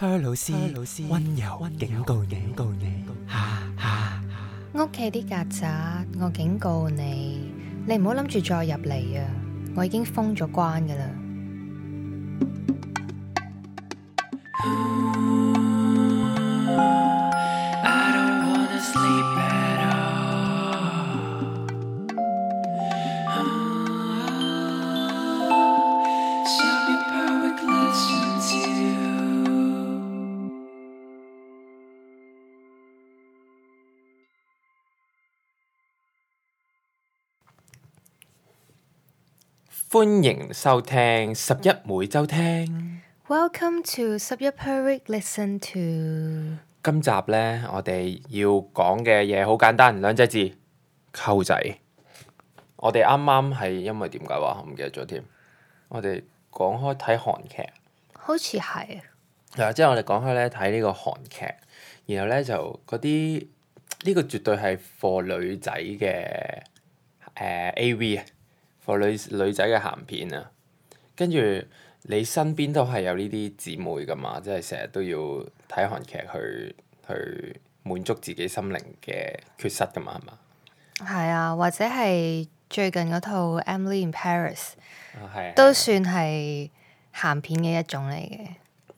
Hello 老師，溫柔警告警告你，吓吓！屋企啲曱甴，我警告你，你唔好諗住再入嚟啊！我已經封咗關㗎喇。歡迎收聽十一每周聽。Welcome to 十一 per week listen to。今集咧，我哋要講嘅嘢好簡單，兩隻字溝仔。我哋啱啱係因為點解話唔記得咗添？我哋講開睇韓劇，好似係。嗱，即係我哋講開咧睇呢個韓劇，然後咧就嗰啲呢個絕對係 for 女仔嘅誒 A V 啊。呃 AV For 女女仔嘅鹹片啊，跟住你身邊都係有呢啲姊妹噶嘛，即係成日都要睇韓劇去去滿足自己心靈嘅缺失噶嘛，係嘛？係啊，或者係最近嗰套 Emily in Paris，啊，啊，都算係鹹片嘅一種嚟嘅。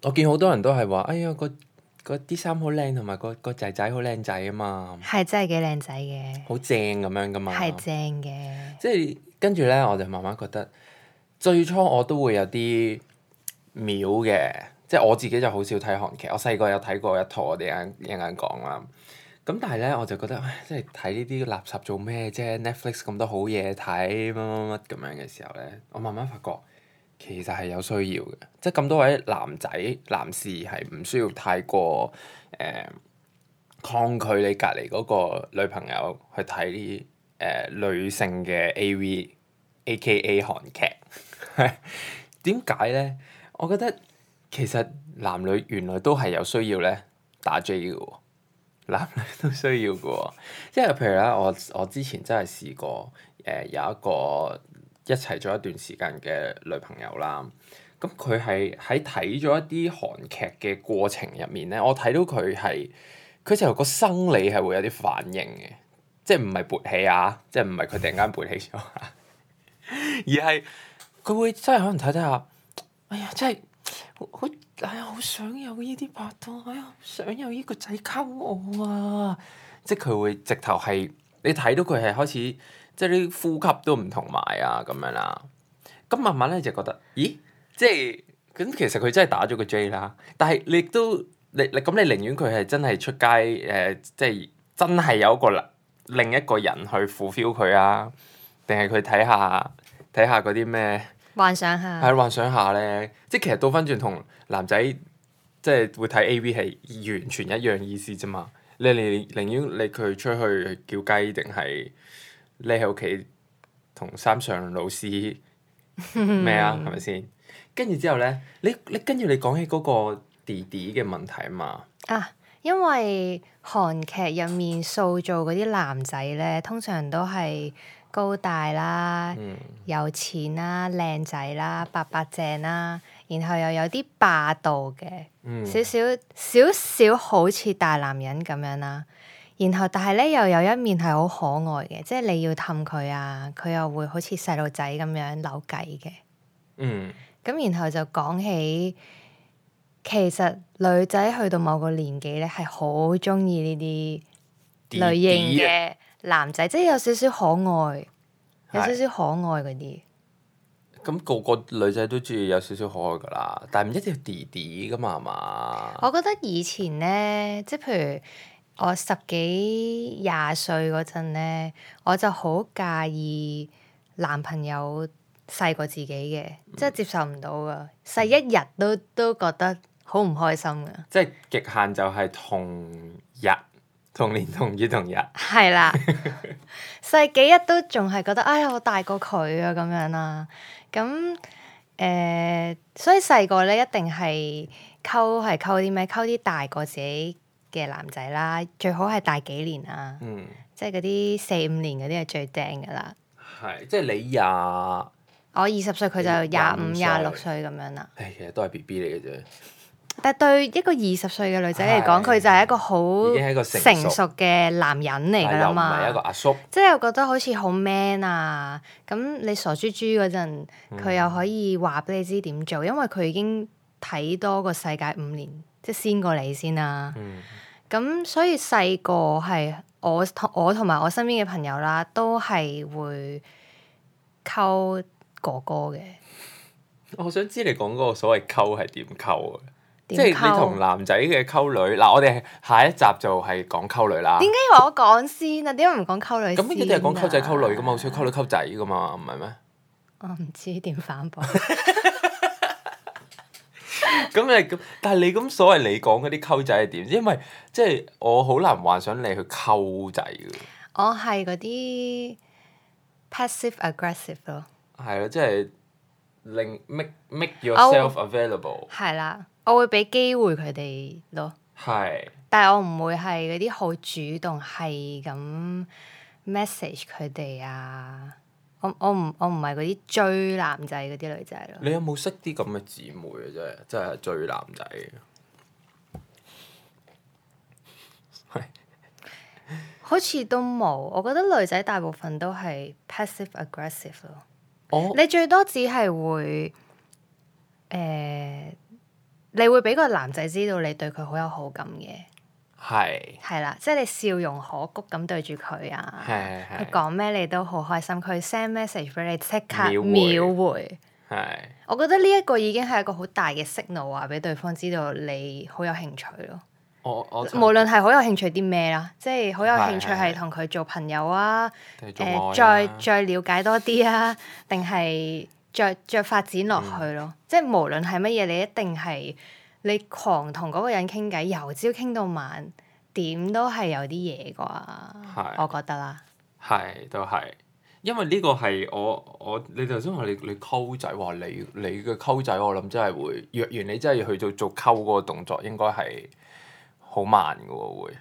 我見好多人都係話，哎呀個～嗰啲衫好靚，同埋個個仔仔好靚仔啊嘛！係真係幾靚仔嘅，好正咁樣噶嘛！係正嘅，即係跟住咧，我就慢慢覺得，最初我都會有啲妙嘅，即係我自己就好少睇韓劇。我細個有睇過一套，我哋啱啱講啦。咁但係咧，我就覺得，哎、即係睇呢啲垃圾做咩啫？Netflix 咁多好嘢睇，乜乜乜咁樣嘅時候咧，我慢慢發覺。其實係有需要嘅，即咁多位男仔、男士係唔需要太過誒、呃、抗拒你隔籬嗰個女朋友去睇啲誒女性嘅 A.V. A.K.A. 韓劇。點解咧？我覺得其實男女原來都係有需要咧打 J 嘅喎，男女都需要㗎喎。即係譬如咧，我我之前真係試過誒、呃、有一個，一齊咗一段時間嘅女朋友啦，咁佢係喺睇咗一啲韓劇嘅過程入面咧，我睇到佢係佢就個生理係會有啲反應嘅，即係唔係勃起啊，即係唔係佢突然間勃起咗， 而係佢會真係可能睇睇下，哎呀，真係好係啊，好、哎、好想有呢啲拍檔，哎呀，想有呢個仔溝我啊，即係佢會直頭係你睇到佢係開始。即係啲呼吸都唔同埋啊，咁樣啦、啊。咁慢慢咧就覺得，咦？即係咁，其實佢真係打咗個 J 啦。但係你亦都你你咁，你寧願佢係真係出街，誒、呃，即係真係有個另一個人去 fulfill 佢啊？定係佢睇下睇下嗰啲咩幻想下？啊、幻想下咧，即係其實倒翻轉同男仔即係會睇 AV 係完全一樣意思啫嘛。你寧寧寧願你佢出去叫雞定係？匿喺屋企同三上老師咩啊？係咪先？跟住 之後咧，你你跟住你講起嗰個弟弟嘅問題啊嘛啊，因為韓劇入面塑造嗰啲男仔咧，通常都係高大啦、嗯、有錢啦、靚仔啦、白白淨啦，然後又有啲霸道嘅，少少少少好似大男人咁樣啦、啊。然後但係咧又有一面係好可愛嘅，即係你要氹佢啊，佢又會好似細路仔咁樣扭計嘅。嗯，咁然後就講起，其實女仔去到某個年紀咧，係好中意呢啲類型嘅男仔，弟弟即係有少少可愛，有少少可愛嗰啲。咁、嗯、個個女仔都中意有少少可愛噶啦，但係唔一定要弟弟噶嘛，係嘛？我覺得以前咧，即係譬如。我十幾廿歲嗰陣咧，我就好介意男朋友細過自己嘅。嗯、即係接受唔到噶細、嗯、一日都都覺得好唔開心噶即係極限就係同日同年同月同日。係啦，細 幾日都仲係覺得哎呀，我大過佢啊咁樣啦、啊。咁誒、呃，所以細個咧一定係溝係溝啲咩？溝啲大過自己。嘅男仔啦，最好係大幾年啊、嗯，即係嗰啲四五年嗰啲係最正噶啦。係即係你廿，我二十歲，佢就廿五、廿六歲咁樣啦。其實都係 B B 嚟嘅啫。但係對一個二十歲嘅女仔嚟講，佢、哎、就係一個好成熟嘅男人嚟噶啦嘛。又唔係一個阿叔，即係我覺得好似好 man 啊！咁你傻豬豬嗰陣，佢、嗯、又可以話俾你知點做，因為佢已經睇多個世界五年，即係先過你先啦。嗯。咁所以細個係我同我同埋我身邊嘅朋友啦，都係會溝哥哥嘅。我想知你講嗰個所謂溝係點溝啊？溝即係你同男仔嘅溝女嗱，我哋下一集就係講溝女啦。點解要話我講先,先啊？點解唔講溝女？咁一樣係講溝仔溝女噶嘛？好似溝女溝仔噶嘛？唔係咩？我唔知點反駁。咁 你咁，但係你咁所謂你講嗰啲溝仔係點？因為即係、就是、我好難幻想你去溝仔㗎。我係嗰啲 passive aggressive 咯。係咯，即係、就是、令 make make yourself 我 available。係啦，我會俾機會佢哋咯。係的。但係我唔會係嗰啲好主動係咁 message 佢哋啊。我我唔我唔係嗰啲追男仔嗰啲女仔咯。你有冇識啲咁嘅姊妹啊？真係真係追男仔。 好似都冇。我覺得女仔大部分都係 passive aggressive 咯。Oh? 你最多只係會，誒、呃，你會俾個男仔知道你對佢好有好感嘅。係。係啦，即係你笑容可掬咁對住佢啊，佢講咩你都好開心。佢 send message 俾你，即刻秒回。秒回的我覺得呢一個已經係一個好大嘅 signal 話，俾對方知道你好有興趣咯。我我無論係好有興趣啲咩啦，即係好有興趣係同佢做朋友啊，誒再再瞭解多啲啊，定係再再，再發展落去咯。嗯，即係無論係乜嘢，你一定係。你狂同嗰個人傾偈，由朝傾到晚，點都係有啲嘢啩？是我覺得啦，係都係，因為呢個係我我你頭先話你你溝仔，話你你嘅溝仔，我諗真係會，若然你真係去到做溝嗰個動作，應該係好慢嘅喎，會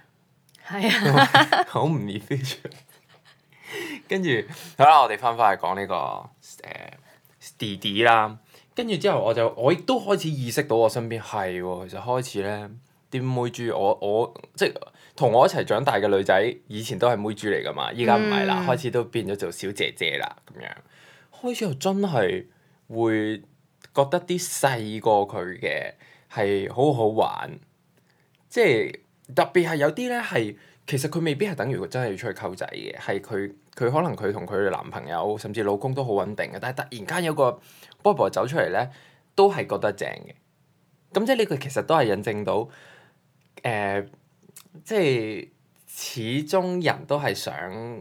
係是啊， 好唔 efficient。跟住好啦，我哋翻返嚟講呢、呢個誒、呃、弟弟啦。跟住之後我，我就我亦都開始意識到我身邊係喎，就開始咧啲妹豬，我我即係同我一齊長大嘅女仔，以前都係妹豬嚟㗎嘛，依家唔係啦，嗯、開始都變咗做小姐姐啦咁樣。開始又真係會覺得啲細過佢嘅係好好玩，即係特別係有啲咧係其實佢未必係等於佢真係出去溝仔嘅，係佢佢可能佢同佢男朋友甚至老公都好穩定嘅，但係突然間有個 Bobo 走出嚟咧，都係覺得正嘅。咁即係呢個其實都係印證到，誒、呃，即係始終人都係想誒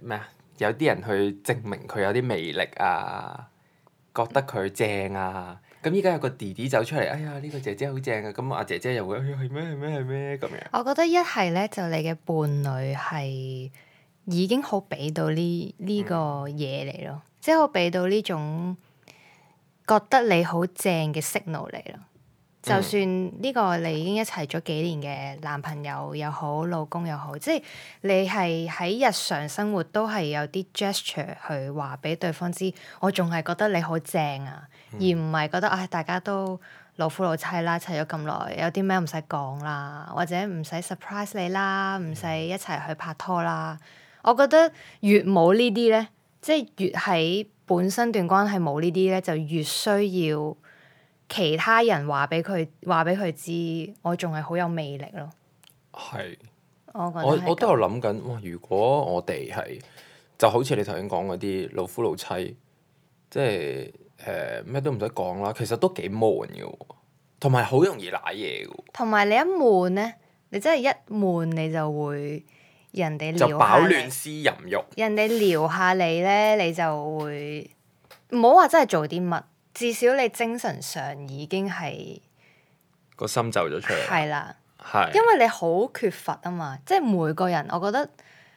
咩啊？有啲人去證明佢有啲魅力啊，覺得佢正啊。咁依家有個弟弟走出嚟，哎呀，呢、呢個姐姐好正啊！咁阿姐姐又會，係咩係咩係咩咁樣？我覺得一係咧，就你嘅伴侶係已經好俾到呢呢、呢個嘢嚟咯，嗯、即係好俾到呢種。覺得你好正嘅 signal 嚟咯，就算呢個你已經一齊咗幾年嘅男朋友又好，老公又好，即係你係喺日常生活都係有啲 gesture 去話俾對方知，我仲係覺得你好正啊，而唔係覺得啊、哎、大家都老夫老妻啦，一齊咗咁耐，有啲咩唔使講啦，或者唔使 surprise 你啦，唔使一齊去拍拖啦。我覺得越冇呢啲咧。即係越喺本身段關係冇呢啲咧，是就越需要其他人話俾佢話俾佢知，我仲係好有魅力咯。係是，我覺得我我都有諗緊哇！如果我哋係就好似你頭先講嗰啲老夫老妻，即係誒咩都唔使講啦，其實都幾悶嘅喎，同埋好容易舐嘢嘅喎。同埋你一悶咧，你真係一悶你就會。人哋撩下，就飽暖思淫慾。人哋撩下你咧，你就會唔好話真係做啲乜，至少你精神上已經係個心就咗出嚟。係啦，係，因為你好缺乏啊嘛。即係每個人，我覺得，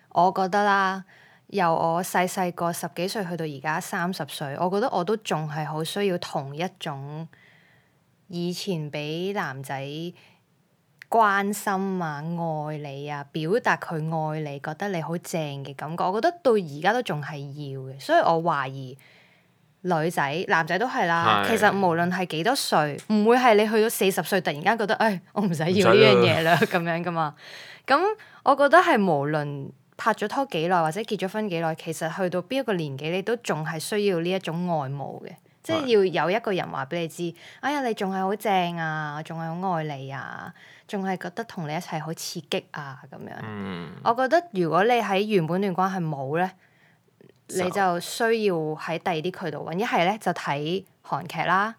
我覺得啦，由我細細個十幾歲去到而家三十歲，我覺得我都仲係好需要同一種以前俾男仔。關心啊，愛你啊，表達佢愛你，覺得你好正嘅感覺，我覺得到而家都仲係要嘅，所以我懷疑女仔、男仔都係啦。是其實無論係幾多歲，唔會係你去到四十歲突然間覺得，唉、哎，我唔使要呢 樣嘢啦，咁樣噶嘛。咁，我覺得係無論拍咗拖幾耐或者結咗婚幾耐，其實去到邊一個年紀，你都仲係需要呢一種外貌嘅。即係要有一個人話俾你知，哎呀，你仲係好正啊，仲係好愛你啊，仲係覺得同你一齊好刺激啊咁樣。嗯，我覺得如果你喺原本段關係冇咧，你就需要喺第二啲渠道揾。一係咧就睇韓劇啦，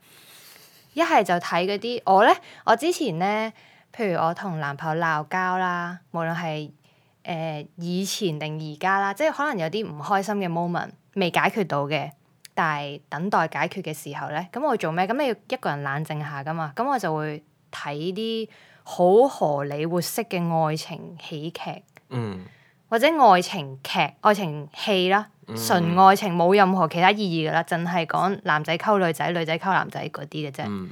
一係就睇嗰啲。我咧，我之前咧，譬如我同男朋友鬧交啦，無論係誒以前定而家啦，即係可能有啲唔開心嘅 moment 未解決到嘅。但係等待解決嘅時候咧，咁我會做咩？咁你要一個人冷靜下噶嘛？咁我就會睇啲好荷里活式嘅愛情喜劇，嗯、或者愛情劇、愛情戲啦，純、嗯、愛情冇任何其他意義噶啦，淨係講男仔溝女仔、女仔溝男仔嗰啲嘅啫。咁、嗯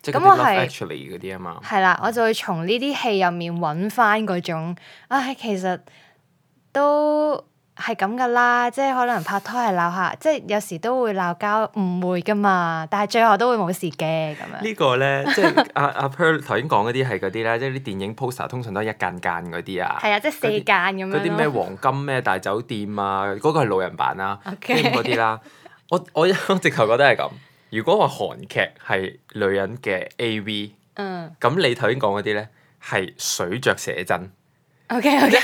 就是、我係出嚟嗰啲啊嘛，係啦、right?，我就會從呢啲戲入面揾翻嗰種，唉，其實都。係咁噶啦，即係可能拍拖係鬧下，即係有時都會鬧交誤會噶嘛，但係最後都會冇事嘅咁樣。個呢個咧，即係阿阿 Pearl 頭先講嗰啲係嗰啲咧，即係啲電影 poster 通常都係一間間嗰啲啊。係 些啊，即係四間咁樣。嗰啲咩黃金咩大酒店啊，嗰、那個係老人版啊，嗰啲啦。我我我直頭覺得係咁。如果話韓劇係女人嘅 AV，嗯，咁你頭先講嗰啲咧係水著寫真。O K O K。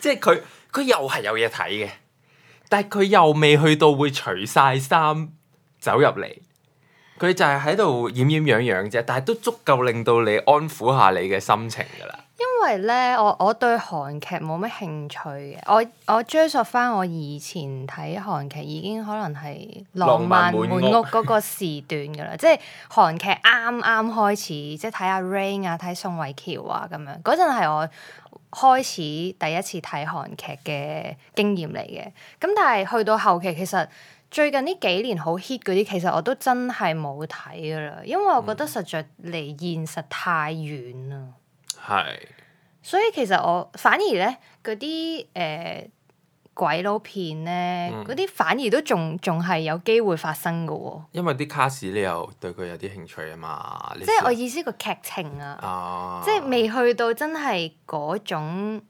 即係佢，佢又係有嘢睇嘅，但係佢又未去到會除晒衫走入嚟，佢就係喺度掩掩養養啫。但係都足夠令到你安撫下你嘅心情噶啦。因為咧，我我對韓劇冇乜興趣嘅。我我追溯翻我以前睇韓劇已經可能係浪漫滿屋嗰個時段噶啦， 即係韓劇啱啱開始，即係睇阿 Rain 啊，睇宋慧喬啊咁樣。嗰陣係我。開始第一次睇韓劇嘅經驗嚟嘅，咁但係去到後期，其實最近呢幾年好 hit 嗰啲，其實我都真係冇睇噶啦，因為我覺得實在離現實太遠啦。係、嗯，所以其實我反而咧嗰啲誒。鬼佬片咧，嗰啲，嗯、反而都仲仲係有機會發生嘅喎、哦，因為啲卡士你又對佢有啲興趣啊嘛。嘗嘗即係我意思個劇情啊，啊即係未去到真係嗰種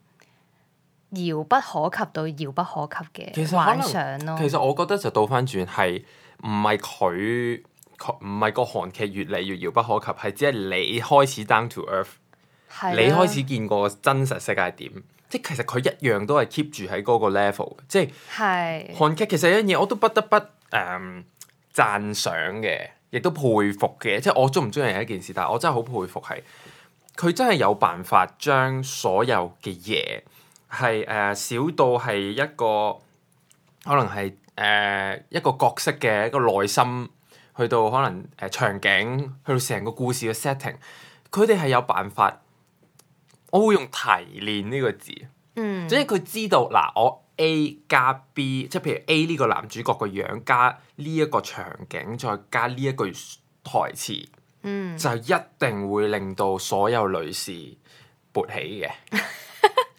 遙不可及到遙不可及嘅幻想咯、啊。其實我覺得就倒翻轉係唔係佢，唔係個韓劇越嚟越遙不可及，係只係你開始 down to earth，啊、你開始見過真實世界點。即係其實佢一樣都係 keep 住喺嗰個 level，即係韓是劇其實一樣嘢我都不得不誒、呃、讚賞嘅，亦都佩服嘅。即係我中唔中意係一件事，但我真係好佩服係佢真係有辦法將所有嘅嘢係誒小到係一個可能係誒、呃、一個角色嘅一個內心，去到可能誒、呃、場景，去到成個故事嘅 setting，佢哋係有辦法。我會用提煉呢個字，即係佢知道嗱，我 A 加 B，即係譬如 A 呢個男主角個樣加呢一個場景，再加呢一句台詞，嗯、就一定會令到所有女士勃起嘅，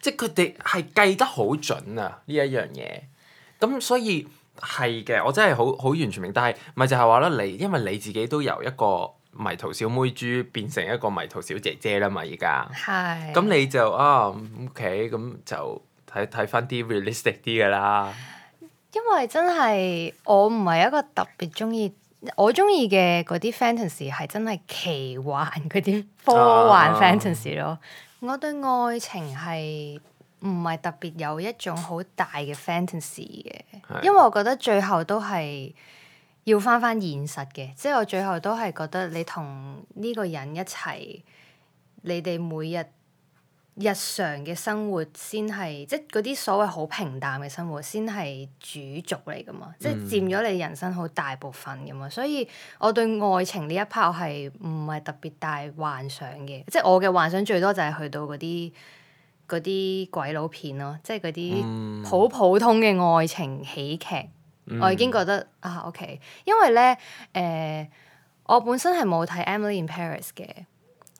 即係佢哋係計得好準啊呢一樣嘢。咁所以係嘅，我真係好好完全明。但係咪就係話啦，你因為你自己都有一個。迷途小妹豬變成一個迷途小姐姐啦嘛，而家，咁是你就啊，OK，咁就睇睇翻啲 realistic 啲噶啦。因為真係我唔係一個特別中意，我中意嘅嗰啲 fantasy 係真係奇幻嗰啲科幻 fantasy 咯。啊、我對愛情係唔係特別有一種好大嘅 fantasy 嘅，是因為我覺得最後都係。要返返現實嘅，即係我最後都係覺得你同呢個人一齊，你哋每日日常嘅生活先係，即係嗰啲所謂好平淡嘅生活先係主軸嚟㗎嘛，嗯、即係佔咗你人生好大部分㗎嘛。所以我對愛情呢一 part 係唔係特別大幻想嘅，即係我嘅幻想最多就係去到嗰啲嗰啲鬼佬片咯，即係嗰啲好普通嘅愛情喜劇。嗯 Mm hmm. 我已經覺得啊 OK，因為咧誒、呃，我本身係冇睇《Emily in Paris》嘅。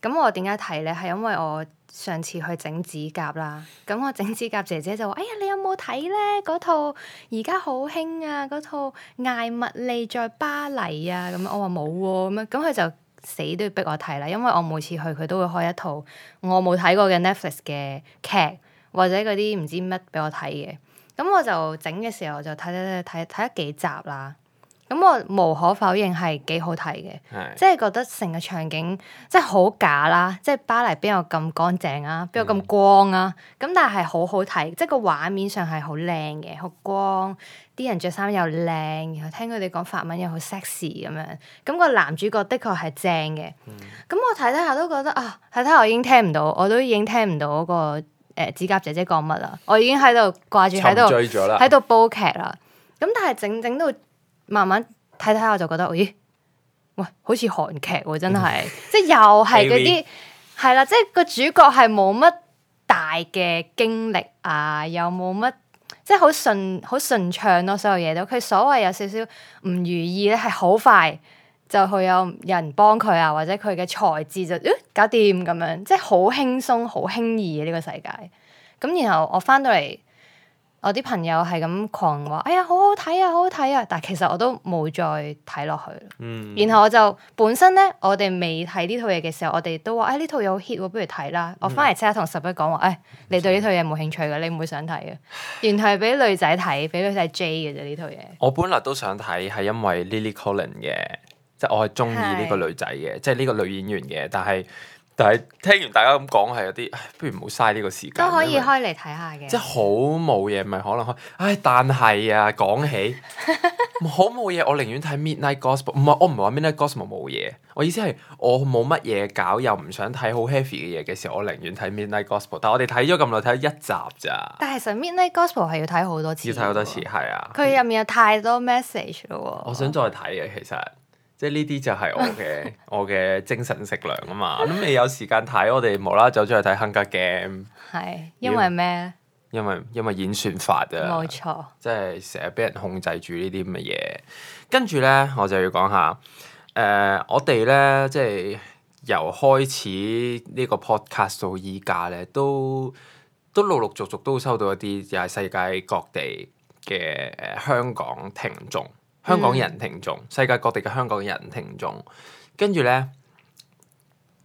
咁我點解睇咧？係因為我上次去整指甲啦。咁我整指甲姐姐就話：哎呀，你有冇睇咧？嗰套而家好興啊！嗰套《艾蜜莉在巴黎》啊，咁我話冇喎。咁樣咁佢就死都要逼我睇啦。因為我每次去佢都會開一套我冇睇過嘅 Netflix 嘅劇，或者嗰啲唔知乜俾我睇嘅。咁我就整嘅時候，我就睇睇睇睇睇咗幾集啦。咁我無可否認係幾好睇嘅。是即係覺得成個場景，即係好假啦，即係巴黎邊有咁乾淨啊，邊有咁光啊。咁、嗯、但係好好睇，即係個畫面上係好靚嘅，好光，啲人着衫又靚，然後聽佢哋講法文又好 sexy 咁樣。咁、個男主角的確係正嘅。咁、嗯、我睇睇下都覺得啊，睇睇下我已經聽唔到，我都已經聽唔到嗰、個。誒、呃，指甲姐姐講乜啊？我已經喺度掛住喺度喺度煲劇啦，咁、嗯、但係整整到慢慢睇睇，我就覺得咦，喂、哎，好似韓劇喎，真係，即又係嗰啲係啦，即係個主角係冇乜大嘅經歷啊，又冇乜，即好順好順暢咯，所有嘢都，佢所謂有少少唔如意咧，係好快。就會有人幫佢啊，或者佢嘅才智就、哎、搞掂咁樣，即係好輕鬆、好輕易嘅呢、這個世界。咁然後我翻到嚟，我啲朋友係咁狂話：，哎呀，好好睇啊，好好睇啊！但其實我都冇再睇落去。嗯、然後我就本身咧，我哋未睇呢套嘢嘅時候，我哋都話：，哎，呢套嘢好 hit 喎，不如睇啦！我翻嚟即刻同十一講話：，哎，你對呢套嘢冇興趣嘅，你唔會想睇嘅。原係俾女仔睇，俾 女仔 J 嘅啫。呢套嘢。我本嚟都想睇，係因為 Lily Collins 嘅。即係我係中意呢個女仔嘅，的即係呢個女演員嘅。但係但係聽完大家咁講，係有啲唉，不如唔好嘥呢個時間，都可以開嚟睇下嘅。即係好冇嘢，咪可能開。唉，但係啊，講起 好冇嘢，我寧願睇 Midnight Gospel。唔係，我唔係話 Midnight Gospel 冇嘢。我意思係我冇乜嘢搞，又唔想睇好 heavy 嘅嘢嘅時候，我寧願睇 Midnight Gospel 但。但係我哋睇咗咁耐，睇咗一集咋？但係其實 Midnight Gospel 係要睇好多、多次，要睇好多次係啊！佢入、嗯、面有太多 message 咯喎。我想再睇嘅其實。即係呢啲就係我嘅 我嘅精神食糧啊嘛，咁你 有時間睇我哋無啦啦走出去睇《亨格、er、Game》。係因為咩？因為因為,因為演算法啊，冇錯錯，即係成日俾人控制住呢啲咁嘅嘢。跟住咧，我就要講下，誒、呃，我哋咧即係由開始個呢個 podcast 到依家咧，都都陸陸續續都收到一啲又係世界各地嘅誒、呃、香港聽眾。香港人聽眾，世界各地嘅香港人聽眾，跟住咧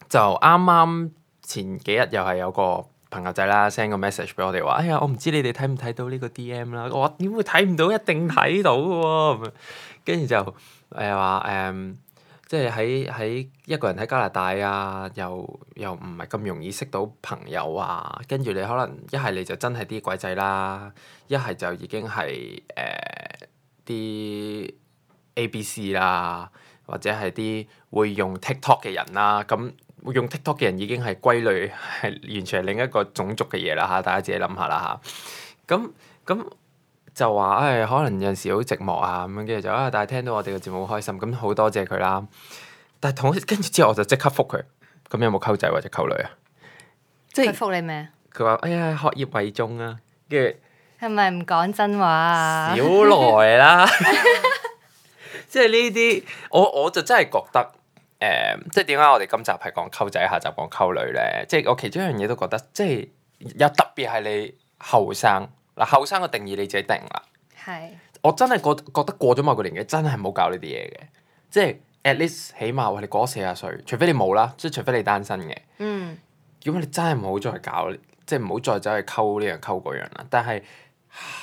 就啱啱前幾日又係有個朋友仔啦 send 個 message 俾我哋話： 哎呀，我唔知你哋睇唔睇到呢個 DM 啦！我話點會睇唔到？一定睇到嘅、啊、喎。跟住 就誒話誒，即係喺喺一個人喺加拿大啊，又又唔係咁容易識到朋友啊。跟住你可能一係你就真係啲鬼仔啦，一係就已經係誒。呃啲 A、B、C 啦，或者係啲會用 TikTok 嘅人啦，咁、嗯、用 TikTok 嘅人已經係歸類係完全係另一個種族嘅嘢啦嚇，大家自己諗下啦嚇。咁、嗯、咁、嗯、就話誒、欸，可能有陣時好寂寞啊咁樣，跟住就啊，但係聽到我哋嘅節目好開心，咁好多謝佢啦。但係同跟住之後我就即刻覆佢，咁有冇溝仔或者溝女啊？即係覆你咩？佢話：哎呀，學業為重啊，跟住。係咪唔講真話啊？少來啦！即係呢啲，我我就真係覺得，誒、嗯，即係點解我哋今集係講溝仔，下集講溝女咧？即係我其中一樣嘢都覺得，即係又特別係你後生嗱，後生嘅定義你自己定啦。是我真係覺得覺得過咗某個年紀，真係冇搞呢啲嘢嘅。即係 at least 起碼我哋過咗四十歲，除非你冇啦，即係除非你單身嘅。如果、嗯、你真係冇再搞，即係冇再走去溝呢樣溝嗰樣啦。但係。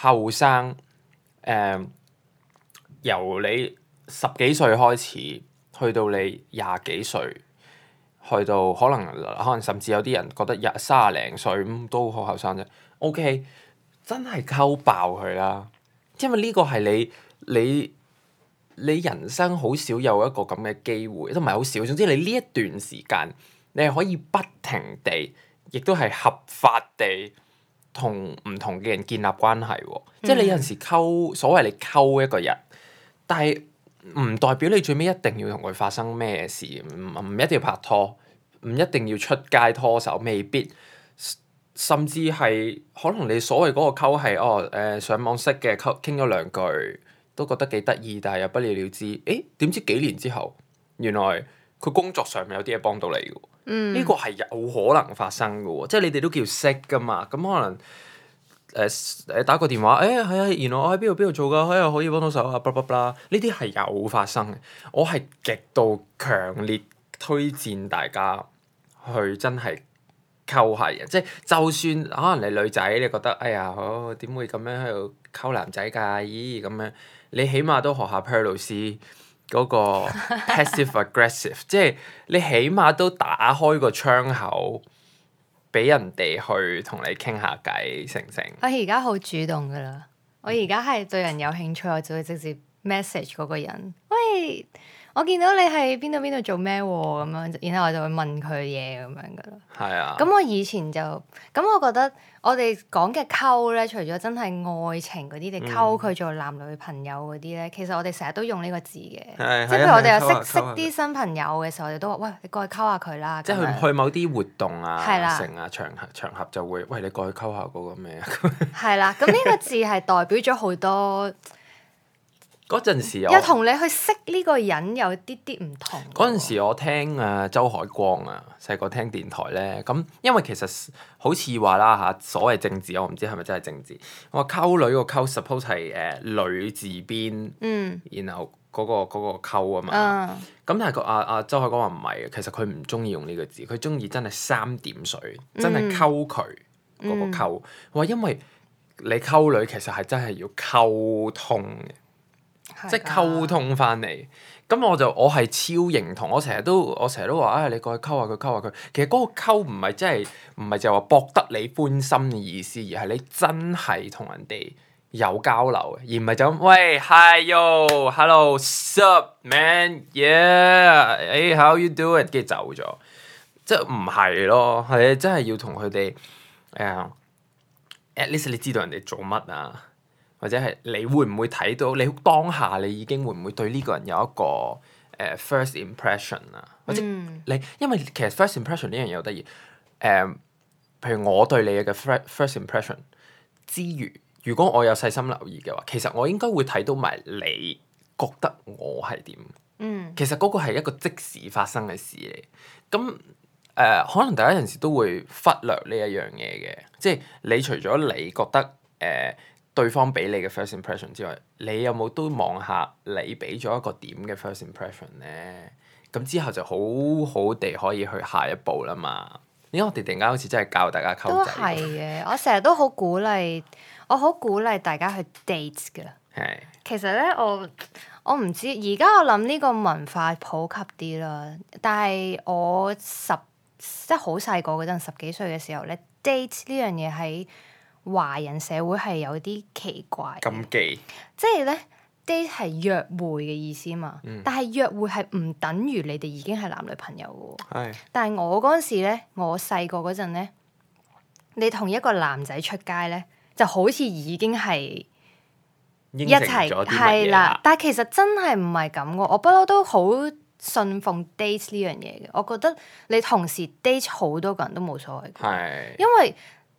後生，誒、嗯，由你十幾歲開始，去到你廿幾歲，去到可能可能甚至有啲人覺得廿三廿零歲咁都好後生啫。OK，真係溝爆佢啦，因為呢個係你你你人生好少有一個咁嘅機會，都唔係好少。總之你呢一段時間，你係可以不停地，亦都係合法地。同唔同嘅人建立關係、哦，即係你有陣時溝、嗯、所謂你溝一個人，但係唔代表你最尾一定要同佢發生咩事，唔唔一定要拍拖，唔一定要出街拖手，未必甚至係可能你所謂嗰個溝係哦誒、呃、上網識嘅溝傾咗兩句都覺得幾得意，但係又不了了之。誒點知幾年之後原來佢工作上面有啲嘢幫到你㗎、哦。呢、嗯、個係有可能發生嘅喎，即係你哋都叫識噶嘛，咁可能誒、呃、打個電話，誒係啊，原來我喺邊度邊度做㗎，哎、可以可以幫到手啊，blah blah blah，呢啲係有發生嘅。我係極度強烈推薦大家去真係溝下人，即係就算可能你女仔，你覺得哎呀好，點會咁樣喺度溝男仔㗎？咦、哎、咁樣，你起碼都學下 Pear 老師。嗰個 passive aggressive， 即係你起碼都打開個窗口，俾人哋去同你傾下偈成成。我而家好主動㗎喇，嗯、我而家係對人有興趣，我就會直接 message 嗰個人，喂。我見到你喺邊度邊度做咩喎、啊？咁樣，然後我就會問佢嘢咁樣噶啦。係啊。咁我以前就咁，我覺得我哋講嘅溝咧，除咗真係愛情嗰啲，你溝佢做男女朋友嗰啲咧，其實我哋成日都用呢個字嘅。即係譬如我哋又識識啲新朋友嘅時候，我哋都話，喂，你過去溝下佢啦。即係去去某啲活動啊、行程啊、場合場合就會，喂，你過去溝下嗰個咩？係啦、啊，咁呢個字係代表咗好多。 嗰陣時又同你去識呢個人有啲啲唔同。嗰陣時我聽啊周海光啊，細個聽電台咧，咁因為其實好似話啦嚇，所謂政治我唔知係咪真係政治。我話溝女個溝 suppose 係誒、呃、女字邊，嗯、然後嗰、嗰個嗰、嗰個溝啊嘛。咁、啊、但係佢啊啊周海光話唔係嘅，其實佢唔中意用呢個字，佢中意真係三點水，真係溝渠嗰、嗯、個溝。話、嗯、因為你溝女其實係真係要溝通嘅。即係溝通翻嚟，咁的我就我係超認同，我成日都我成日都話啊、哎，你過去溝下佢溝下佢。其實嗰個溝唔係真係唔係就話博得你歡心嘅意思，而係你真係同人哋有交流，而唔係就咁喂 hi yo hello sup man yeah 哎、hey, how you do it，跟住走咗，即係唔係咯？係你真係要同佢哋誒 at least 你知道人哋做乜啊？或者係你會唔會睇到你當下你已經會唔會對呢個人有一個誒、uh, first impression 啊？Mm. 或者你因為其實 first impression 呢樣嘢好得意誒，uh, 譬如我對你嘅 first impression 之餘，如果我有細心留意嘅話，其實我應該會睇到埋你覺得我係點。Mm. 其實嗰個係一個即時發生嘅事嚟。咁誒，uh, 可能大家有陣時都會忽略呢一樣嘢嘅，即係你除咗你覺得誒。Uh, 對方俾你嘅 first impression 之外，你有冇都望下你俾咗一個點嘅 first impression 咧？咁之後就好好地可以去下一步啦嘛。點解我哋突然間好似真係教大家溝通， 都係嘅，我成日都好鼓勵，我好鼓勵大家去 date 㗎。係。是的 其實咧，我我唔知，而家我諗呢個文化普及啲啦。但係我十即係好細個嗰陣，十幾歲嘅時候咧，date 呢樣嘢喺，華人社會係有啲奇怪，咁禁忌即係咧 date 係約會嘅意思嘛。嗯、但係約會係唔等於你哋已經係男女朋友嘅喎。是但係我嗰陣時咧，我細個嗰陣咧，你同一個男仔出街咧，就好似已經係一齊係啦。但係其實真係唔係咁嘅，我不嬲都好信奉 date 呢樣嘢嘅。我覺得你同時 date 好多個人都冇所謂是因為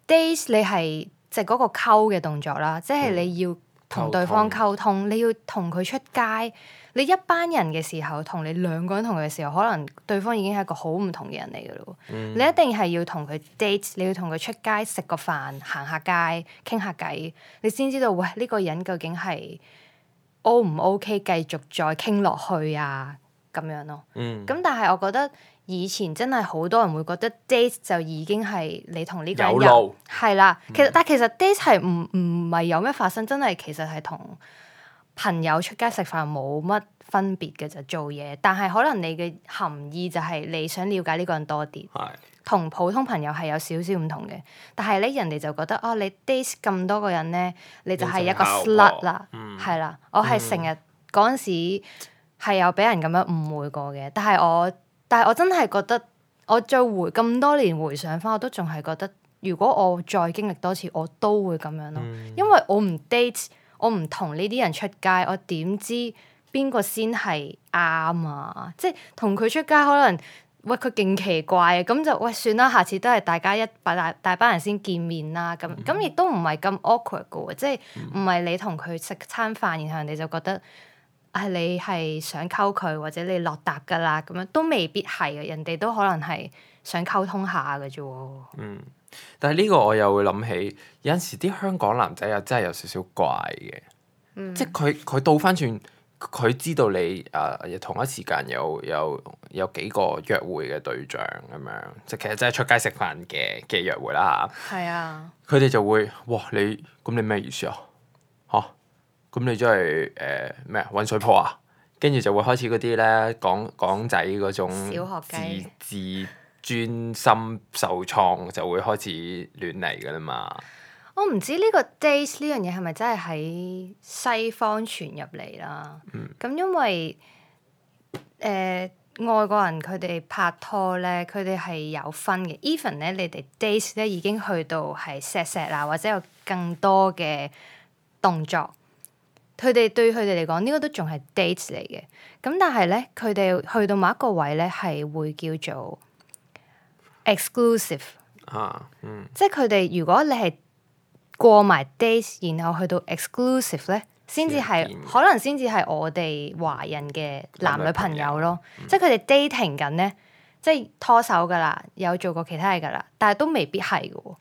date 你係。即係嗰個溝嘅動作啦，即係你要同對方溝通，你要同佢出街，你一班人嘅時候同你兩個人同佢嘅時候，可能對方已經係個好唔同嘅人嚟嘅咯。嗯、你一定係要同佢 date，你要同佢出街食個飯，行下街，傾下偈，你先知道喂呢、呢個人究竟係 O 唔 OK，繼續再傾落去啊，咁樣咯。嗯，咁但係我覺得。以前真係好多人會覺得 date 就已經係你同呢個人係有路 啦，其實、嗯、但係其實 date 係唔唔係有咩發生？真係其實係同朋友出街食飯冇乜分別嘅就做嘢，但係可能你嘅含義就係你想了解呢個人多啲，同是的 普通朋友係有少少唔同嘅。但係咧人哋就覺得哦，你 date 咁多個人咧，你就係一個 slut 啦，係、嗯、啦，我係成日嗰陣、嗯、時係有俾人咁樣誤會過嘅，但係我。但係我真係覺得，我再回咁多年回想翻，我都仲係覺得，如果我再經歷多次，我都會咁樣咯。嗯、因為我唔 date 我唔同呢啲人出街，我點知邊個先係啱啊？即係同佢出街，可能喂，佢勁奇怪，啊。咁就喂，算啦，下次都係大家一班大大，大班人先見面啦。咁咁亦都唔係咁 awkward 嘅喎，即係唔係你同佢食餐飯，然後人哋就覺得。係、啊、你係想溝佢，或者你落搭噶啦，咁樣都未必係啊！人哋都可能係想溝通下嘅啫喎。嗯，但係呢個我又會諗起有陣時啲香港男仔又真係有少少怪嘅，嗯、即係佢佢倒翻轉，佢知道你啊，同一時間有有有幾個約會嘅對象咁樣，即係其實真係出街食飯嘅嘅約會啦。係啊，佢哋、啊、就會哇，你咁你咩意思啊？吓、啊！咁你即係誒咩啊？搵、呃、水泡啊，跟住就會開始嗰啲咧，港港仔嗰種自自，自尊心受創，就會開始亂嚟噶啦嘛。我唔知呢個 date 呢樣嘢係咪真係喺西方傳入嚟啦？咁、嗯、因為誒、呃、外國人佢哋拍拖咧，佢哋係有分嘅。Even 咧，你哋 date 咧已經去到係錫錫啦，或者有更多嘅動作。佢哋對佢哋嚟講，呢、這個都仲係 dates 嚟嘅。咁但係咧，佢哋去到某一個位咧，係會叫做 exclusive，啊，嗯，即係佢哋如果你係過埋 dates，然後去到 exclusive 咧，先至係可能先至係我哋華人嘅男女朋友咯。友咯，嗯，即係佢哋 dating 緊咧。即係拖手噶啦，有做過其他嘢噶啦，但係都未必係喎。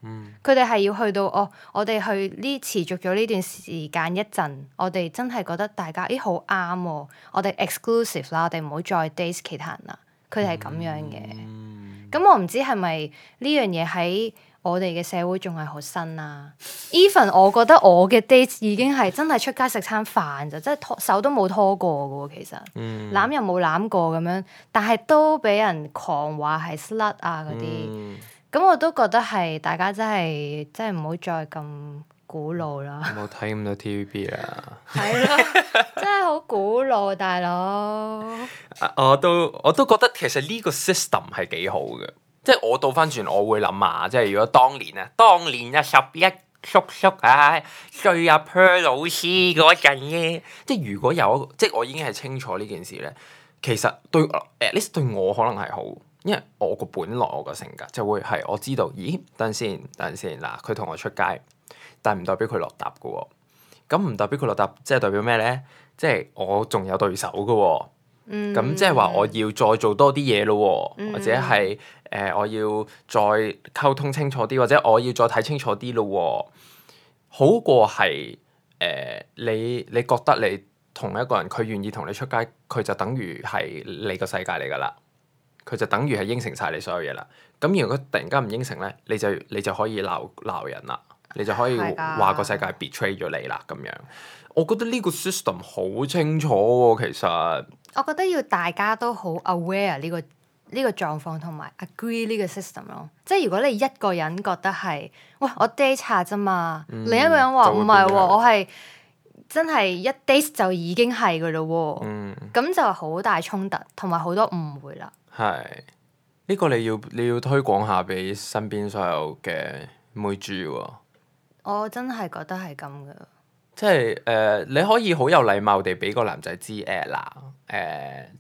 佢哋係要去到哦，我哋去呢持續咗呢段時間一陣，我哋真係覺得大家咦，好啱，喎，我哋 exclusive 啦，我哋唔好再 date 其他人啦。佢哋係咁樣嘅，咁、嗯嗯嗯，我唔知係咪呢樣嘢喺。我哋嘅社會仲係好新啦、啊、even 我覺得我嘅 date 已經係真係出街食餐飯就，即係拖手都冇拖過嘅喎，其實攬又冇攬過咁樣，但係都俾人狂話係 slut 啊嗰啲，咁、嗯、我都覺得係大家真係真係唔好再咁古老啦。冇睇咁多 TVB 啦，係咯，真係好古老，大啊大佬。我都我都，我都覺得其實呢個 system 係幾好嘅。即係我倒翻轉，我會諗啊！即係如果當年啊， 當年啊十一叔叔啊，追阿、啊、Pear 老師嗰陣嘅，即係如果有即係我已經係清楚呢件事咧，其實對，at least 對我可能係好，因為我個本來我個性格就會係我知道，咦？等陣先，等陣先，嗱，佢同我出街，但唔代表佢落搭嘅喎，咁唔代表佢落搭，即係代表咩咧？即係我仲有對手嘅喎、哦，咁、嗯、即係話我要再做多啲嘢咯，嗯嗯、或者係。誒，我要再溝通清楚啲，或者我要再睇清楚啲咯。好過係誒，你你覺得你同一個人，佢願意同你出街，佢就等於係你個世界嚟噶啦。佢就等於係應承晒你所有嘢啦。咁如果突然間唔應承咧，你就你就可以鬧鬧人啦，你就可以話個世界 betray 咗你啦咁樣。我覺得呢個 system 好清楚喎，其實我覺得要大家都好 aware 呢個。呢個狀況同埋 agree 呢個 system 咯，即係如果你一個人覺得係，喂我 date 差啫嘛，嗯、另一個人話唔係，我係真係一 days 就已經係噶咯，咁、嗯、就好大衝突同埋好多誤會啦。係呢、呢個你要你要推廣下俾身邊所有嘅妹豬喎、哦。我真係覺得係咁嘅，即係誒、呃、你可以好有禮貌地俾個男仔知誒嗱誒。呃呃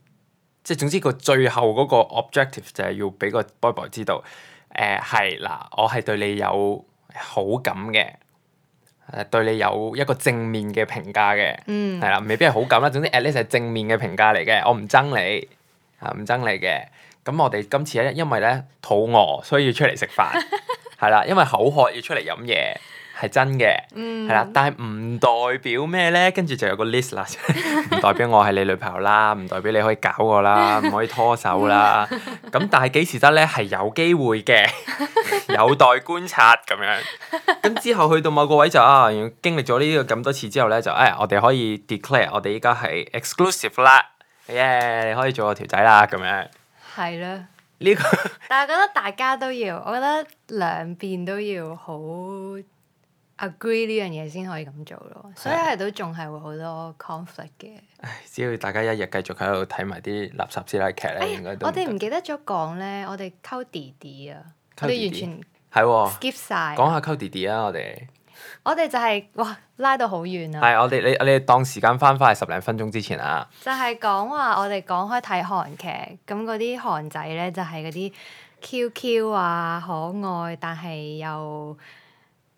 即係總之個最後嗰個 objective 就係要俾個 boyboy boy 知道，誒係嗱，我係對你有好感嘅，誒對你有一個正面嘅評價嘅，嗯，係啦，未必係好感啦，總之 at least 係正面嘅評價嚟嘅，我唔憎你，啊唔憎你嘅，咁我哋今次咧，因為咧肚餓，所以要出嚟食飯，係 啦，因為口渴要出嚟飲嘢。係真嘅，係啦、嗯，但係唔代表咩咧？跟住就有個 list 啦，唔 代表我係你女朋友啦，唔代表你可以搞我啦，唔可以拖手啦。咁、嗯、但係幾時得咧？係有機會嘅， 有待觀察咁樣。咁之後去到某個位就，啊，經歷咗呢個咁多次之後咧，就誒、哎，我哋可以 declare 我哋依家係 exclusive 啦 y、yeah, e 你可以做我條仔啦咁樣。係咯了，呢這個， 但係我覺得大家都要，我覺得兩邊都要好。Agree 呢樣嘢先可以咁做咯，所以係都仲係會好多 conflict 嘅。唉，只要大家一日繼續喺度睇埋啲垃圾撕拉劇咧，哎、呀應該都。我哋唔記得咗講咧，我哋溝弟弟啊，弟弟我哋完全係的 skip 晒了，講下溝弟弟啊，我哋。我哋就係、是、哇，拉到好遠啊！係，我哋你你哋當時間翻翻係十零分鐘之前啊，就係講話我哋講開睇韓劇，咁嗰啲韓仔咧就係、是、嗰啲 QQ 啊，可愛但係又。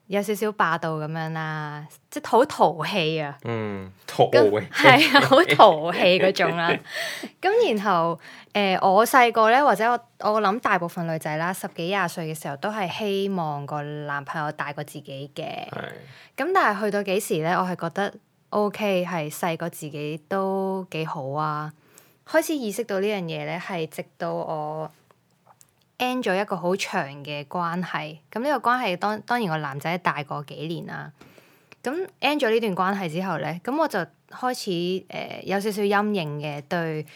有少少霸道咁樣啦，即係好淘氣啊，嗯，係那 啊，好淘氣嗰種啦。咁然後誒、呃，我細個咧，或者我我諗大部分女仔啦，十幾廿歲嘅時候都係希望個男朋友大過自己嘅。咁是但係去到幾時咧，我係覺得 OK 係細過自己都幾好啊。開始意識到呢樣嘢咧，係直到我。end 咗一個好長嘅關係，咁呢個關係當當然個男仔大過幾年啦。咁 end 咗呢段關係之後咧，咁我就開始誒、呃、有少少陰影嘅對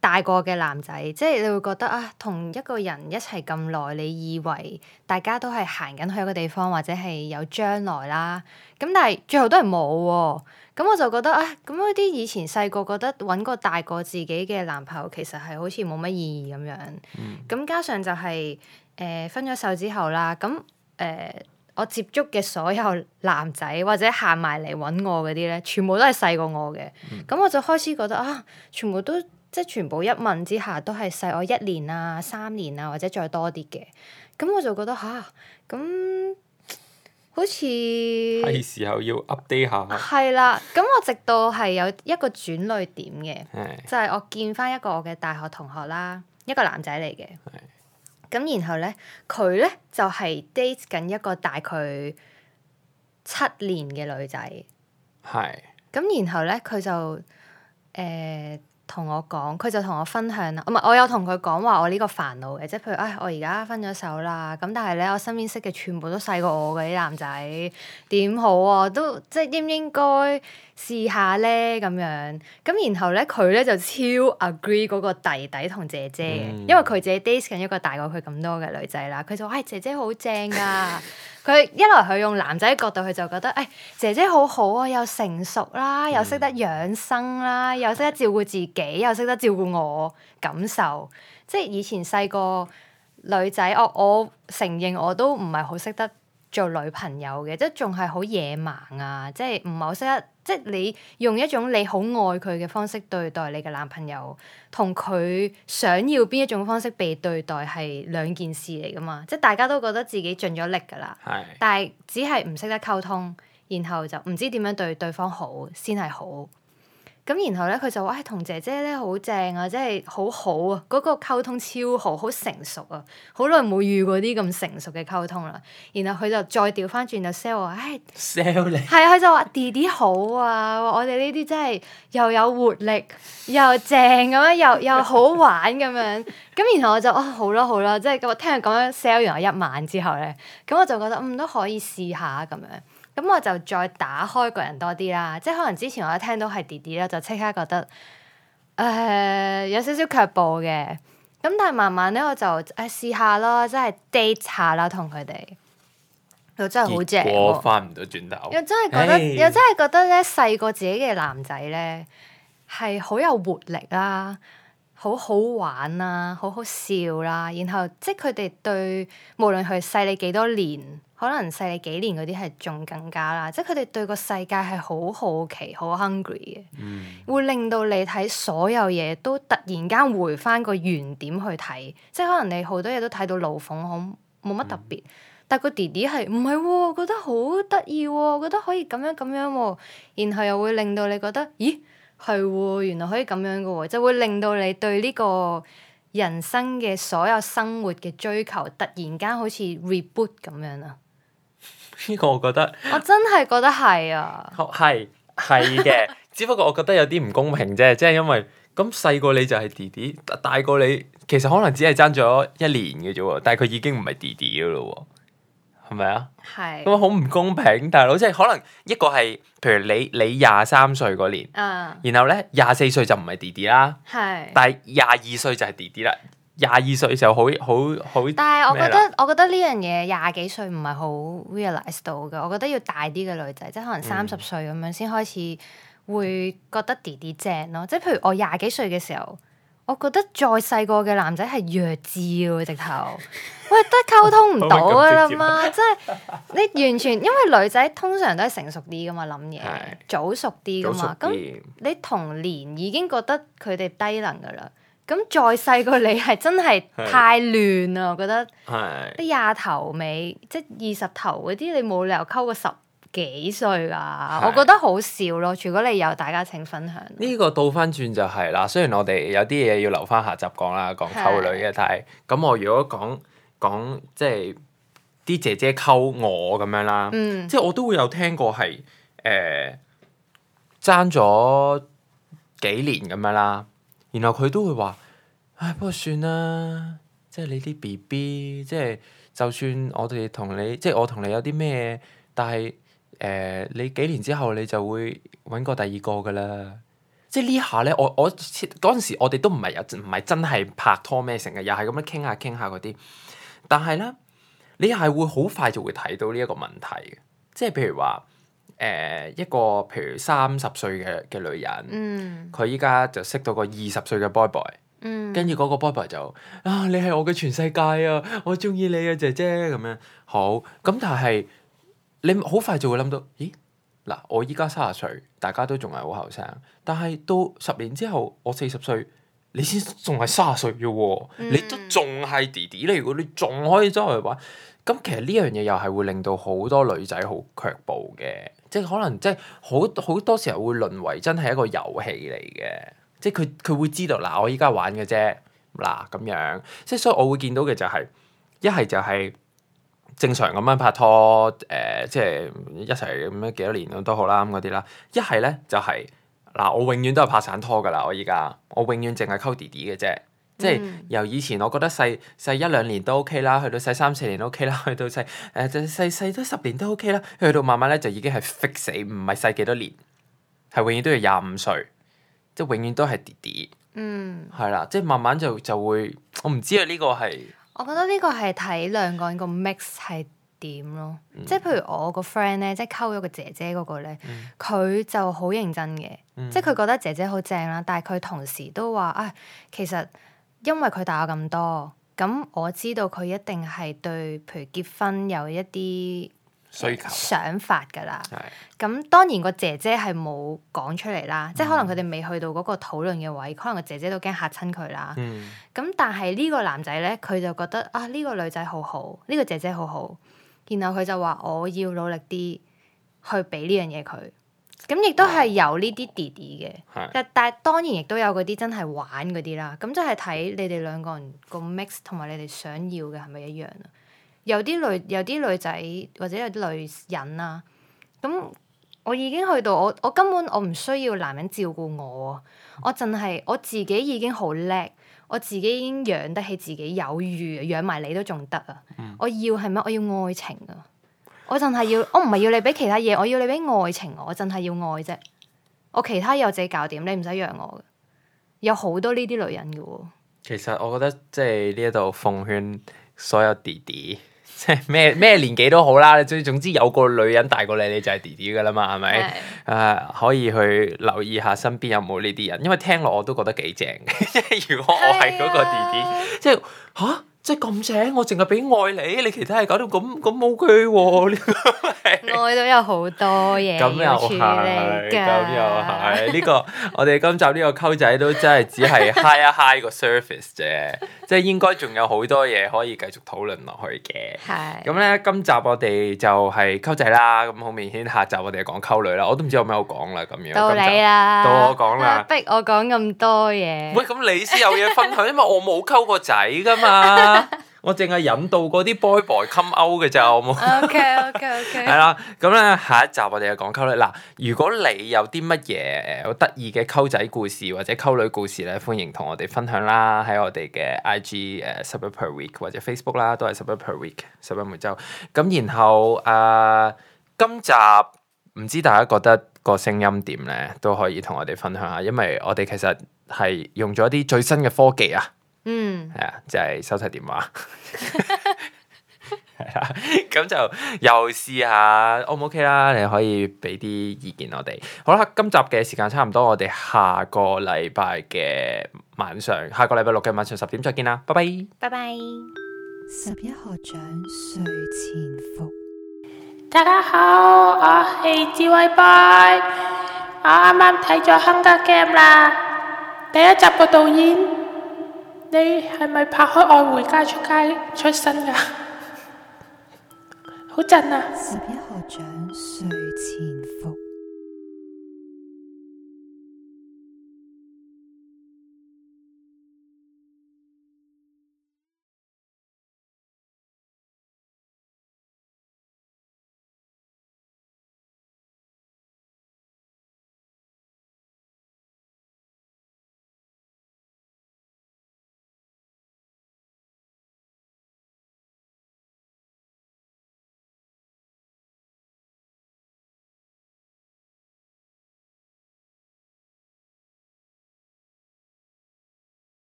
大個嘅男仔，即係你會覺得啊，同一個人一齊咁耐，你以為大家都係行緊去一個地方，或者係有將來啦。咁但係最後都係冇、喎，咁我就覺得啊，咁嗰啲以前細個覺得搵個大過自己嘅男朋友，其實係好似冇乜意義咁樣。咁、嗯、加上就係、是、誒、呃、分咗手之後啦，咁誒、呃、我接觸嘅所有男仔或者行埋嚟搵我嗰啲咧，全部都係細過我嘅，咁、嗯、我就開始覺得啊，全部都。即係全部一問之下都係細我一年啊、三年啊或者再多啲嘅，咁、嗯、我就覺得嚇，咁、啊嗯、好似係時候要 update 下。係啦，咁我直到係有一個轉捩點嘅。 就係我見翻一個我嘅大學同學啦，一個男仔嚟嘅。咁 然後咧，佢咧就係、是、date 緊一個大概七年嘅女仔。係。咁然後咧，佢就誒。呃同我講，佢就同我分享啦。唔係，我有同佢講話，我呢個煩惱嘅，即係譬如，唉、哎，我而家分咗手啦。咁但係咧，我身邊識嘅全部都細過我嘅啲男仔，點好啊？都即係應唔應該？試下咧咁樣，咁、啊、然後咧佢咧就超 agree 嗰個弟弟同姐姐，嗯、因為佢自己 dating 一個大過佢咁多嘅女仔啦，佢就話：，哎，姐姐好正㗎！佢 一來佢用男仔角度，佢就覺得：，哎，姐姐好好啊，又成熟啦，又識得養生啦，嗯、又識得照顧自己，又識得照顧我感受。即係以前細個女仔，我、哦、我承認我都唔係好識得。做女朋友嘅，即仲係好野蠻啊！即係唔係好識得，即係你用一種你好愛佢嘅方式對待你嘅男朋友，同佢想要邊一種方式被對待係兩件事嚟噶嘛？即係大家都覺得自己盡咗力噶啦，是但係只係唔識得溝通，然後就唔知點樣對對方好先係好。咁然後咧，佢就話：哎，同姐姐咧好正啊，即係好好啊，嗰個溝通超好，好成熟啊，好耐冇遇過啲咁成熟嘅溝通啦。然後佢就再調翻轉就 sell 我，哎，sell 你，係啊 selling、哎，佢就話 弟弟好啊，我哋呢啲真係又有活力，又正咁樣，又又好玩咁樣。咁 然後我就，哦，好咯，好咯，即係我聽佢講完 sell 完我一晚之後咧，咁我就覺得，嗯，都可以試下咁樣。咁我就再打開個人多啲啦，即係可能之前我一聽到係 deedee 咧，就即刻覺得誒、呃、有少少卻步嘅。咁但係慢慢咧，我就誒試、哎、下咯，即係 date 下啦，同佢哋又真係好正。我翻唔到轉頭又真係覺得又 Hey. 真係覺得咧，細過自己嘅男仔咧係好有活力啦、啊，好好玩啦、啊，好好笑啦、啊。然後即佢哋對無論佢細你幾多年。可能細你幾年嗰啲係仲更加啦，即佢哋對個世界係好好奇、好 hungry 嘅，嗯、會令到你睇所有嘢都突然間回翻個原點去睇，即可能你好多嘢都睇到老奉好冇乜特別，嗯、但個 deedee 係唔係？哦、覺得好得意喎，覺得可以咁樣咁樣喎、哦，然後又會令到你覺得咦係喎、哦，原來可以咁樣嘅喎、哦，就會令到你對呢個人生嘅所有生活嘅追求突然間好似 reboot 咁樣啦～呢個我覺得，我真係覺得係啊，係係嘅， 只不過我覺得有啲唔公平啫，即係因為咁細個你就係弟弟，大過你其實可能只係爭咗一年嘅啫，但係佢已經唔係弟弟咯、哦，係咪啊？係咁好唔公平大佬，即係可能一個係，譬如你你廿三歲嗰年，uh, 然後咧廿四歲就唔係弟弟啦，uh, 但係廿二歲就係弟弟啦。廿二歲嘅時候好好好，但係我覺得咩，我覺得呢樣嘢，廿幾歲唔係好 realize 到噶，我覺得要大啲嘅女仔，即係可能三十歲咁樣先開始會覺得弟弟正咯。即係譬如我廿幾歲嘅時候，我覺得再細個嘅男仔係弱智喎，直頭喂，都溝通唔到噶啦嘛，即係你完全因為女仔通常都係成熟啲噶嘛，諗嘢係早熟啲噶嘛，咁你同年已經覺得佢哋低能噶啦。咁再細個你係真係太亂啦，的我覺得啲廿頭尾，的即二十頭嗰啲，你冇理由溝個十幾歲㗎！的我覺得好少咯。如果你有，大家請分享。呢、這個倒翻轉就係啦。雖然我哋有啲嘢要留翻下集講啦，講溝女嘅的，但係咁我如果講講即係啲姐姐溝我咁樣啦，嗯、即係我都會有聽過係誒爭咗幾年咁樣啦。然後佢都會話，唉，不過算啦，即係你啲 BB，即係就算我哋同你，即係我同你有啲咩，但係誒、呃、你幾年之後你就會揾過第二個噶啦。即係呢下咧，我我嗰陣時我哋都唔係有唔係真係拍拖咩成日，又係咁樣傾下傾下嗰啲。但係咧，你又係會好快就會睇到呢一個問題嘅，即係譬如話。誒一個譬如三十歲嘅嘅女人，佢依家就識到個二十歲嘅 boy boy，跟住嗰個 boy boy 就，啊你係我嘅全世界啊，我中意你啊姐姐，咁樣，好。咁但係你好快就會諗到，咦嗱我依家三十歲，大家都仲係好後生，但係到十年之後我四十歲，你先仲係三十歲嘅、啊、喎，嗯、你都仲係弟弟，你如果你仲可以周圍玩，咁、嗯、其實呢樣嘢又係會令到好多女仔好卻步嘅。即係可能，即係好好多時候會淪為真係一個遊戲嚟嘅。即係佢佢會知道嗱，我依家玩嘅啫，嗱咁樣。即係所以，我會見到嘅就係一係就係正常咁樣拍拖，誒、呃、即係一齊咁樣幾多年都好啦咁嗰啲啦。一係咧就係、是、嗱、就是，我永遠都係拍散拖㗎喇，我依家我永遠淨係溝弟弟嘅啫。即係由以前，我覺得細細一兩年都 OK 啦，去到細三四年都 OK 啦，去到細誒就、呃、細細都十年都 OK 啦，去到慢慢咧就已經係 fix 死，唔係細幾多年，係永遠都要廿五歲，即係永遠都係弟弟。嗯，係啦，即係慢慢就就會，我唔知啊呢、呢個係。我覺得呢個係睇兩個人個 mix 係點咯，嗯、即係譬如我個 friend 咧，即係溝咗個姐姐嗰個咧，佢、嗯、就好認真嘅，嗯、即係佢覺得姐姐好正啦，但係佢同時都話啊、哎，其實。因為佢大我咁多，咁我知道佢一定係對，譬如結婚有一啲需求、想法噶啦。咁係、當然個姐姐係冇講出嚟啦，嗯、即係可能佢哋未去到嗰個討論嘅位，可能個姐姐都驚吓親佢啦。咁、嗯、但係呢個男仔咧，佢就覺得啊呢、呢個女仔好好，呢、呢個姐姐好好，然後佢就話我要努力啲去俾呢樣嘢佢。咁亦都係有呢啲弟弟嘅，但的但當然亦都有嗰啲真係玩嗰啲啦。咁就係睇你哋兩個人個 mix 同埋你哋想要嘅係咪一樣。有啲女有啲女仔或者有啲女人啦、啊，咁我已經去到我我根本我唔需要男人照顧我，我淨係我自己已經好叻，我自己已經養得起自己有餘，養埋你都仲得啊！嗯、我要係咩？我要愛情啊！我淨係要，我唔係要你俾其他嘢，我要你俾愛情我，我淨係要愛啫。我其他嘢我自己搞掂，你唔使養我嘅。有好多呢啲女人㗎喎。其實我覺得即係呢一度奉勸所有弟弟，即係咩咩年紀都好啦。最總之有個女人大過你，你就係弟弟噶啦嘛，係咪？誒的，uh, 可以去留意下身邊有冇呢啲人，因為聽落我都覺得幾正。即 係如果我係嗰個弟弟，的 即係吓。即係咁正，我淨係俾愛你，你其他嘢搞到咁咁冇趣喎。OK 啊、愛都有好多嘢要處理嘅，咁又係咁又係呢個。我哋今集呢個溝仔都真係只係 high 一 high 個 surface 啫， 即係應該仲有好多嘢可以繼續討論落去嘅。咁咧， 今集我哋就係溝仔啦。咁好明顯，下集我哋係講溝女啦。我都唔知有咩好講啦。咁樣到你啦，到我講啦，逼我講咁多嘢。喂，咁你先有嘢分享，因為我冇溝過仔噶嘛。 我淨係引導嗰啲 boy boy come out 嘅咋好冇？OK OK OK。 係啦，咁咧，下一集我哋就講溝女嗱，如果你有啲乜嘢好得意嘅溝仔故事或者溝女故事咧，歡迎同我哋分享啦。喺我哋嘅 IG 誒十一 per week 或者 Facebook 啦，都係十一 per week 十一每周。咁然後誒、呃，今集唔知大家覺得個聲音點咧，都可以同我哋分享下，因為我哋其實係用咗啲最新嘅科技啊。嗯，係啊，就係收晒電話，係啦，咁就又試下 O 唔 OK 啦，你可以俾啲意見我哋。好啦，今集嘅時間差唔多，我哋下個禮拜嘅晚上，下個禮拜六嘅晚上十點再見啦，拜拜，拜拜。十一學長睡前福，大家好，我係智慧伯，我啱啱睇咗《Hunger Games》啦，第一集個導演。你係咪拍開愛回家出街出身噶？好 震啊！